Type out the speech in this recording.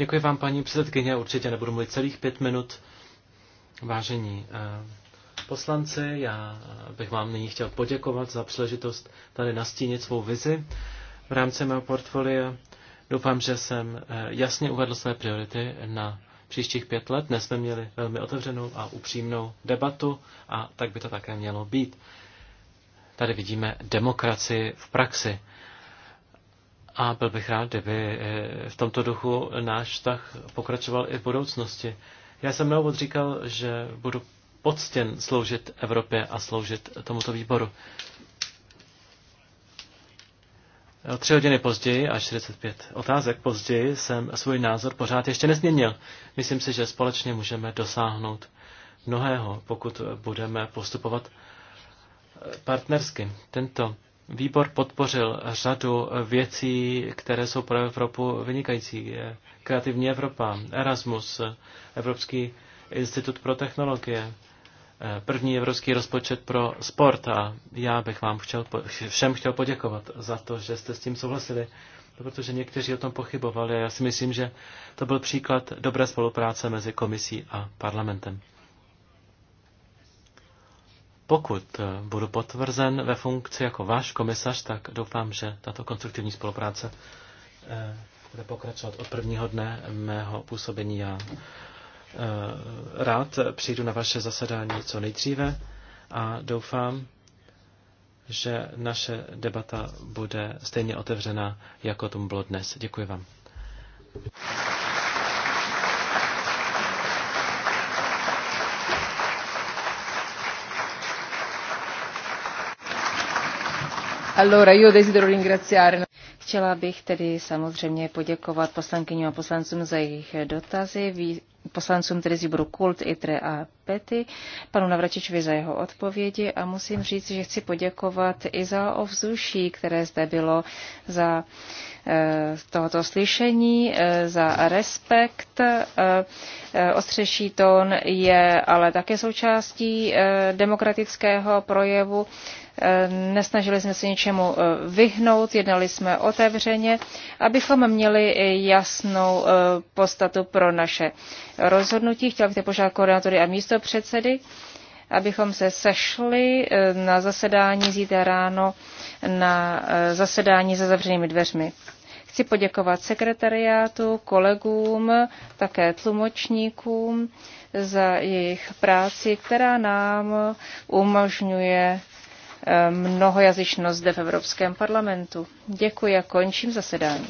Děkuji vám, paní předsedkyně, určitě nebudu mluvit celých pět minut. Vážení eh, poslanci, já bych vám nyní chtěl poděkovat za příležitost tady nastínit svou vizi v rámci mého portfolia. Doufám, že jsem eh, jasně uvedl své priority na příštích pět let. Dnes jsme měli velmi otevřenou a upřímnou debatu a tak by to také mělo být. Tady vidíme demokracii v praxi a byl bych rád, kdyby eh, v tomto duchu náš vztah pokračoval i v budoucnosti. Já jsem na úvod říkal, že budu poctěn sloužit Evropě a sloužit tomuto výboru. O tři hodiny později a 45 otázek později jsem svůj názor pořád ještě nezměnil. Myslím si, že společně můžeme dosáhnout mnohého, pokud budeme postupovat eh, partnersky. Tento Výbor podpořil řadu věcí, které jsou pro Evropu vynikající. Kreativní Evropa, Erasmus, Evropský institut pro technologie, první evropský rozpočet pro sport a já bych vám chtěl, všem chtěl poděkovat za to, že jste s tím souhlasili, no, protože někteří o tom pochybovali a já si myslím, že to byl příklad dobré spolupráce mezi komisí a parlamentem. Pokud eh, budu potvrzen ve funkci jako váš komisař, tak doufám, že tato konstruktivní spolupráce eh, bude pokračovat od prvního dne mého působení. Já eh, rád přijdu na vaše zasedání co nejdříve a doufám, že naše debata bude stejně otevřená, jako tomu bylo dnes. Děkuji vám. Chtěla bych tedy samozřejmě poděkovat poslankyním a poslancům za jejich dotazy, poslancům tedy z výboru Kult, ITRE a PETY, panu Navračičovi za jeho odpovědi a musím říct, že chci poděkovat i za ovzduší, které zde bylo za eh, tohoto slyšení, eh, za respekt. Eh, Ostřeší tón je ale také součástí demokratického projevu Eh, nesnažili jsme se ničemu eh, vyhnout, jednali jsme otevřeně, abychom měli jasnou eh, postatu pro naše rozhodnutí. Chtěl bych požádat koordinátory a místo předsedy, abychom se sešli na zasedání zítra ráno na zasedání za zavřenými dveřmi. Chci poděkovat sekretariátu, kolegům, také tlumočníkům za jejich práci, která nám umožňuje mnohojazyčnost zde v Evropském parlamentu. Děkuji a končím zasedání.